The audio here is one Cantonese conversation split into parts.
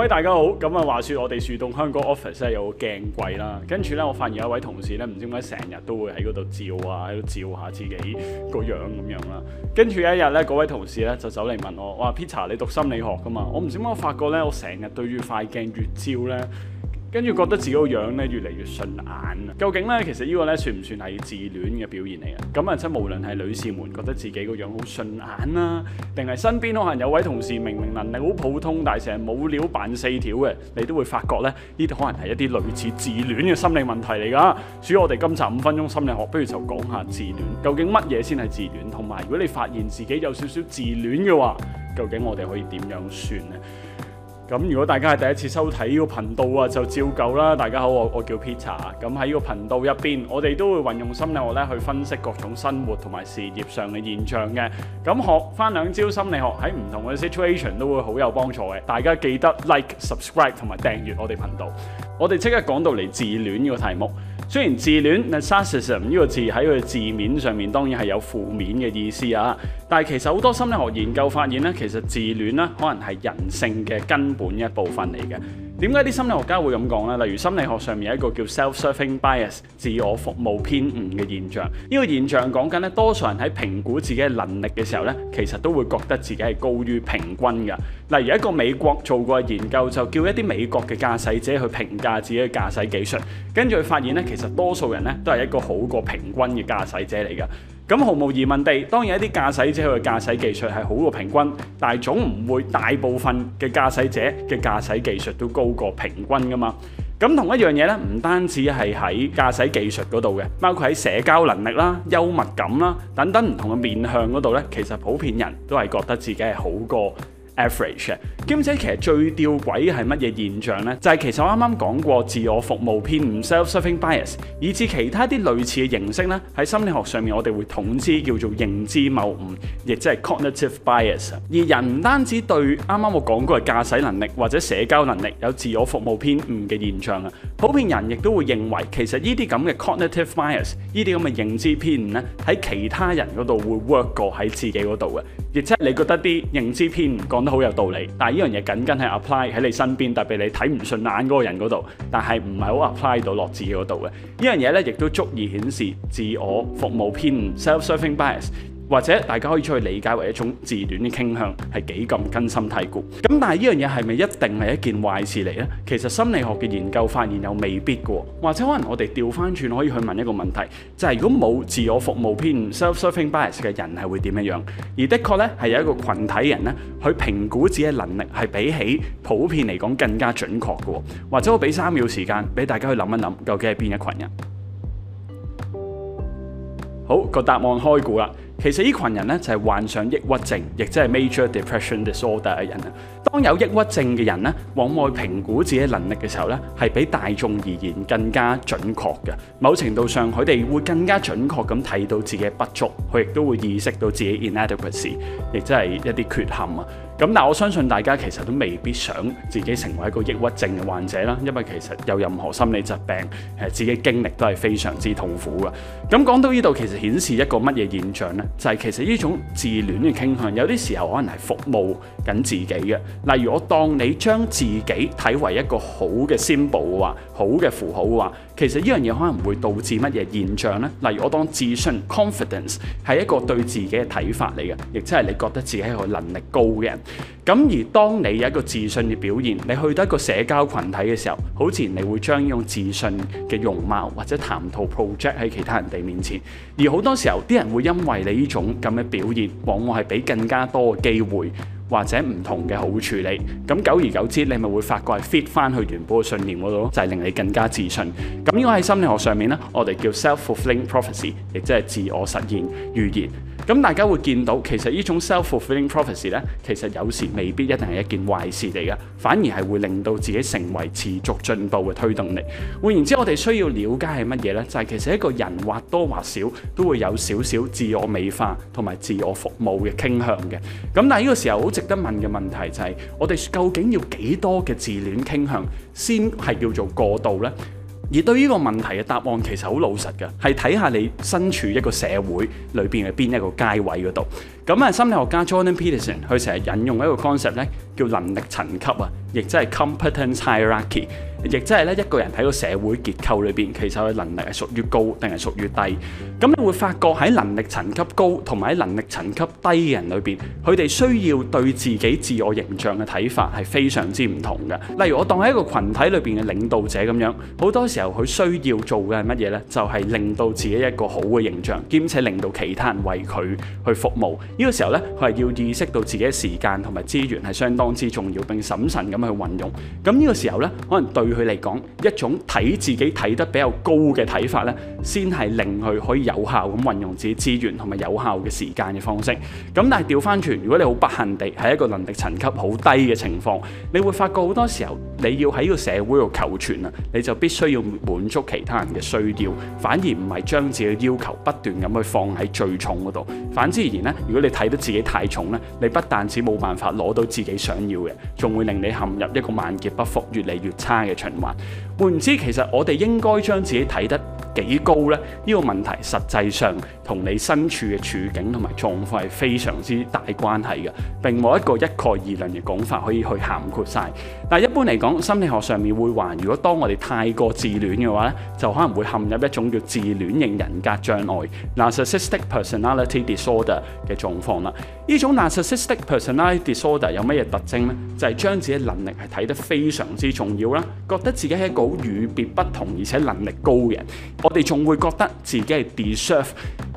喂，各位大家好。咁啊，話說我哋樹洞香港 office 咧有個鏡櫃啦，跟住咧我發現有一位同事咧，唔知點解成日都會喺嗰度照啊，喺度照下自己個樣咁樣啦。跟住有一日咧，嗰位同事咧就走嚟問我：哇，Peter，你讀心理學㗎嘛？我唔知點解我發覺咧，我成日對住塊鏡越照咧。跟住覺得自己個樣咧越嚟越順眼，究竟呢，其實呢個呢算唔算係自戀嘅表現嚟啊？咁啊，即係無論係女士們覺得自己個樣好順眼啦，定係身邊可能有位同事明明能力好普通，但係成日冇料扮四條嘅，你都會發覺呢，呢啲可能係一啲類似自戀嘅心理問題嚟噶。至於我哋今集五分鐘心理學，不如就講下自戀，究竟乜嘢先係自戀？同埋如果你發現自己有少少自戀嘅話，究竟我哋可以點樣算呢？咁如果大家係第一次收睇呢個頻道啊，就照舊啦。大家好，我我叫 Peter。咁喺呢個頻道入邊，我哋都會運用心理學咧去分析各種生活同埋事業上嘅現象嘅。咁學翻兩招心理學喺唔同嘅 situation 都會好有幫助嘅。大家記得 like、subscribe 同埋訂閱我哋頻道。我哋即刻講到嚟自戀呢個題目。雖然自戀 narcissism 呢個字喺佢字面上面當然係有負面嘅意思啊，但係其實好多心理學研究發現咧，其實自戀咧可能係人性嘅根本一部分嚟嘅。點解啲心理學家會咁講呢？例如心理學上面有一個叫 self-serving bias 自我服務偏誤嘅現象。呢個現象講緊呢多數人喺評估自己嘅能力嘅時候呢，其實都會覺得自己係高於平均嘅。例如一個美國做過研究，就叫一啲美國嘅駕駛者去評價自己嘅駕駛技術，跟住佢發現呢，其實多數人呢都係一個好過平均嘅駕駛者嚟嘅。咁毫無疑問地，當然一啲駕駛者佢嘅駕駛技術係好過平均，但係總唔會大部分嘅駕駛者嘅駕駛技術都高過平均㗎嘛。咁同一樣嘢咧，唔單止係喺駕駛技術嗰度嘅，包括喺社交能力啦、幽默感啦等等唔同嘅面向嗰度咧，其實普遍人都係覺得自己係好過 average 嘅。兼且其實最吊詭係乜嘢現象呢？就係、是、其實我啱啱講過自我服務偏誤 （self-serving bias），以至其他啲類似嘅形式呢，喺心理學上面我哋會統之叫做認知謬誤，亦即係 cognitive bias。而人唔單止對啱啱我講過嘅駕駛能力或者社交能力有自我服務偏誤嘅現象啊，普遍人亦都會認為其實呢啲咁嘅 cognitive bias，呢啲咁嘅認知偏誤呢，喺其他人嗰度會 work 過喺自己嗰度嘅，亦即係你覺得啲認知偏誤講得好有道理，但呢樣嘢緊跟係 apply 喺你身邊，特別你睇唔順眼嗰個人嗰度，但係唔係好 apply 到落自己嗰度嘅。呢樣嘢咧，亦都足以顯示自我服務偏 s e l f s e r v i n g bias）。或者大家可以出去理解為一種自戀嘅傾向，係幾咁根深蒂固。咁但係呢樣嘢係咪一定係一件壞事嚟呢？其實心理學嘅研究發現又未必嘅。或者可能我哋調翻轉可以去問一個問題，就係如果冇自我服務偏 self-serving bias 嘅人係會點樣樣？而的確呢，係有一個群體人呢，去評估自己能力係比起普遍嚟講更加準確嘅。或者我俾三秒時間俾大家去諗一諗，究竟係邊一群人？好，個答案開估啦。其實呢群人咧就係患上抑鬱症，亦即係 major depression disorder 嘅人啊。當有抑鬱症嘅人咧往外評估自己能力嘅時候咧，係比大眾而言更加準確嘅。某程度上佢哋會更加準確咁睇到自己不足，佢亦都會意識到自己 inadequacy，亦即係一啲缺陷啊。咁但我相信大家其實都未必想自己成為一個抑鬱症嘅患者啦，因為其實有任何心理疾病，誒自己經歷都係非常之痛苦嘅。咁講到呢度，其實顯示一個乜嘢現象呢？就係其實呢種自戀嘅傾向，有啲時候可能係服務緊自己嘅。例如我當你將自己睇為一個好嘅 symbol 嘅話，好嘅符號嘅話。其實呢樣嘢可能會導致乜嘢現象呢？例如我當自信 （confidence） 係一個對自己嘅睇法嚟嘅，亦即係你覺得自己係一個能力高嘅人。咁而當你有一個自信嘅表現，你去到一個社交群體嘅時候，好似你會將呢種自信嘅容貌或者談吐 project 喺其他人哋面前。而好多時候，啲人會因為你呢種咁嘅表現，往往係俾更加多嘅機會。或者唔同嘅好處理，咁久而久之，你咪會發覺係 fit 翻去原本嘅信念嗰度咯，就係令你更加自信。咁應該喺心理學上面咧，我哋叫 self-fulfilling prophecy，亦即係自我實現預言。咁大家會見到，其實呢種 self-fulfilling prophecy 呢，其實有時未必一定係一件壞事嚟嘅，反而係會令到自己成為持續進步嘅推動力。換言之，我哋需要了解係乜嘢呢？就係其實一個人或多或少都會有少少自我美化同埋自我服務嘅傾向嘅。咁但係呢個時候好值得問嘅問題就係，我哋究竟要幾多嘅自戀傾向先係叫做過度呢？而對呢個問題嘅答案其實好老實嘅，係睇下你身處一個社會裏邊嘅邊一個階位嗰度。咁啊，心理學家 Jordan Peterson 佢成日引用一個 concept 咧，叫能力層級啊。亦即係 competence hierarchy，亦即係咧一個人喺個社會結構裏邊，其實佢能力係屬於高定係屬於低。咁你會發覺喺能力層級高同埋喺能力層級低嘅人裏邊，佢哋需要對自己自我形象嘅睇法係非常之唔同嘅。例如我當喺一個群體裏邊嘅領導者咁樣，好多時候佢需要做嘅係乜嘢呢？就係令到自己一個好嘅形象，兼且令到其他人為佢去服務。呢個時候呢，佢係要意識到自己嘅時間同埋資源係相當之重要，並審慎咁咁去運用，咁呢、嗯這個時候呢，可能對佢嚟講一種睇自己睇得比較高嘅睇法呢，先係令佢可以有效咁運用自己資源同埋有效嘅時間嘅方式。咁、嗯、但係調翻轉，如果你好不幸地係一個能力層級好低嘅情況，你會發覺好多時候你要喺個社會度求存啊，你就必須要滿足其他人嘅需要，反而唔係將自己嘅要求不斷咁去放喺最重嗰度。反之而言呢，如果你睇得自己太重呢，你不但止冇辦法攞到自己想要嘅，仲會令你入一個萬劫不復，越嚟越差嘅循環。換唔知其實我哋應該將自己睇得。幾高呢？呢個問題實際上同你身處嘅處境同埋狀況係非常之大關係嘅，並冇一個一概而論嘅講法可以去涵括曬。但係一般嚟講，心理學上面會話，如果當我哋太過自戀嘅話呢，就可能會陷入一種叫自戀型人格障礙 （narcissistic personality disorder） 嘅狀況啦。呢種 narcissistic personality disorder 有咩嘢特徵呢？就係將自己能力係睇得非常之重要啦，覺得自己係一個好與別不同而且能力高嘅人。我哋仲會覺得自己係 deserve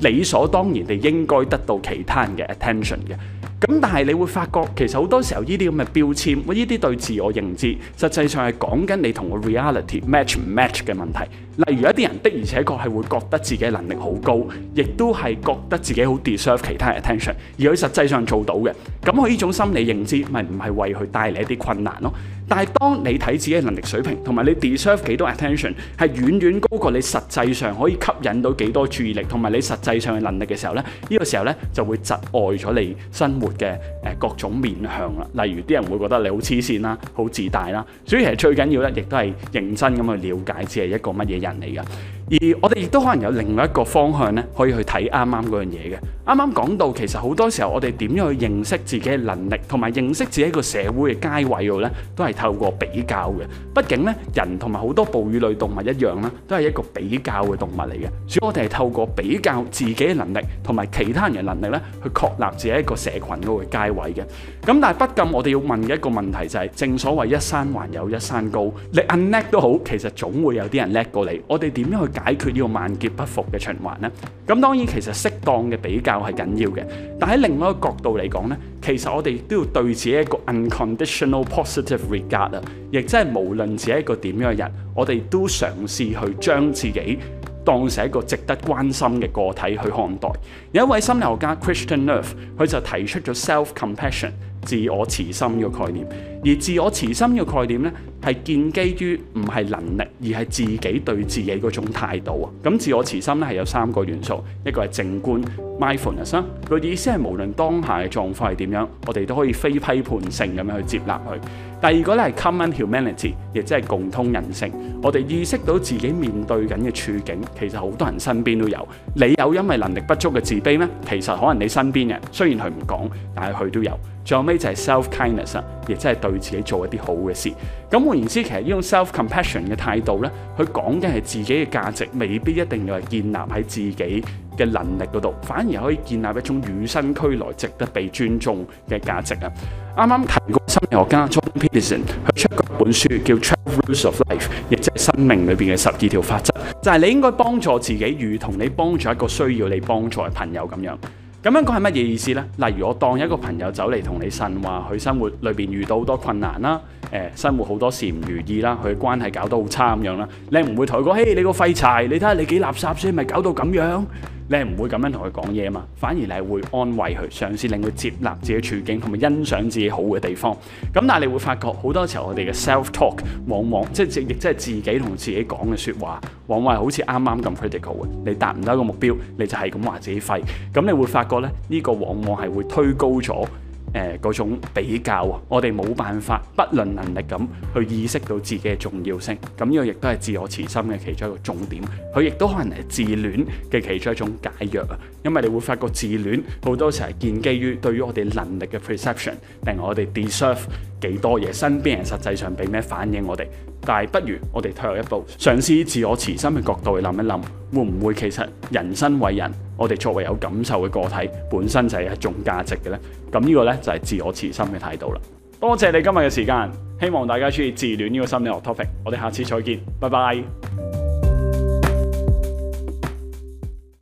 理所當然地應該得到其他人嘅 attention 嘅。咁但係你會發覺，其實好多時候呢啲咁嘅標籤，呢啲對自我認知，實際上係講緊你同個 reality match 唔 match 嘅問題。例如一啲人的而且確係會覺得自己能力好高，亦都係覺得自己好 deserve 其他人 attention，而佢實際上做到嘅。咁佢呢種心理認知咪唔係為佢帶嚟一啲困難咯？但係，當你睇自己嘅能力水平，同埋你 deserve 幾多 attention，係遠遠高過你實際上可以吸引到幾多注意力，同埋你實際上嘅能力嘅時候咧，呢個時候咧就會窒礙咗你生活嘅誒各種面向啦。例如啲人會覺得你好黐線啦，好自大啦。所以其實最緊要咧，亦都係認真咁去了解自己係一個乜嘢人嚟噶。而我哋亦都可能有另外一個方向咧，可以去睇啱啱嗰樣嘢嘅。啱啱講到，其實好多時候我哋點樣去認識自己嘅能力，同埋認識自己一個社會嘅階位度咧，都係透過比較嘅。畢竟咧，人同埋好多哺乳類動物一樣啦，都係一個比較嘅動物嚟嘅。所以我哋係透過比較自己嘅能力同埋其他人嘅能力咧，去確立自己一個社群嗰個階位嘅。咁但係不禁我哋要問嘅一個問題就係，正所謂一山還有一山高，你叻都好，其實總會有啲人叻過你。我哋點樣去？解決呢個萬劫不復嘅循環咧，咁當然其實適當嘅比較係緊要嘅，但喺另外一個角度嚟講咧，其實我哋都要對自己一個 unconditional positive regard 啊，亦即係無論自己一個點樣嘅人，我哋都嘗試去將自己當成一個值得關心嘅個體去看待。有一位心理學家 Kristen Neff，佢就提出咗 self compassion。Compass ion, 自我慈心嘅概念，而自我慈心嘅概念呢，係建基於唔係能力，而係自己對自己嗰種態度啊。咁自我慈心呢，係有三個元素，一個係靜觀 （mindfulness），佢、啊、意思係無論當下嘅狀況係點樣，我哋都可以非批判性咁樣去接納佢。第二個呢，係 common humanity，亦即係共通人性。我哋意識到自己面對緊嘅處境，其實好多人身邊都有。你有因為能力不足嘅自卑呢，其實可能你身邊人雖然佢唔講，但係佢都有。最後尾就係 self kindness 啊，亦即係對自己做一啲好嘅事。咁換言之，其實呢種 self compassion 嘅態度咧，佢講嘅係自己嘅價值未必一定要係建立喺自己嘅能力嗰度，反而可以建立一種與生俱來值得被尊重嘅價值啊！啱啱提過心理學家 Jordan Peterson 佢出嗰本書叫《12 Rules of Life》，亦即係生命裏邊嘅十二條法則，就係、是、你應該幫助自己，如同你幫助一個需要你幫助嘅朋友咁樣。咁樣講係乜嘢意思呢？例如我當一個朋友走嚟同你呻話，佢生活裏邊遇到好多困難啦，誒、呃，生活好多事唔如意啦，佢關係搞到好差咁樣啦，你唔會同佢講，嘿、hey，你個廢柴，你睇下你幾垃圾先，咪搞到咁樣。你係唔會咁樣同佢講嘢啊嘛，反而你係會安慰佢，嘗試令佢接納自己處境，同埋欣賞自己好嘅地方。咁但係你會發覺好多時候我哋嘅 self talk 往往即係亦即係自己同自己講嘅説話，往往係好似啱啱咁 critical 嘅，你達唔到一個目標，你就係咁話自己廢。咁你會發覺咧，呢個往往係會推高咗。誒嗰、呃、種比較啊，我哋冇辦法不論能力咁去意識到自己嘅重要性，咁呢個亦都係自我慈心嘅其中一個重點。佢亦都可能係自戀嘅其中一種解藥啊，因為你會發覺自戀好多時係建基於對於我哋能力嘅 perception，定我哋 deserve 幾多嘢，身邊人實際上俾咩反應我哋。但係不如我哋退後一步，嘗試自我慈心嘅角度去諗一諗，會唔會其實人生為人？我哋作為有感受嘅個體，本身就係一種價值嘅咧。咁呢個咧就係自我慈心嘅態度啦。多謝你今日嘅時間，希望大家注意自戀呢個心理學 topic。我哋下次再見，拜拜。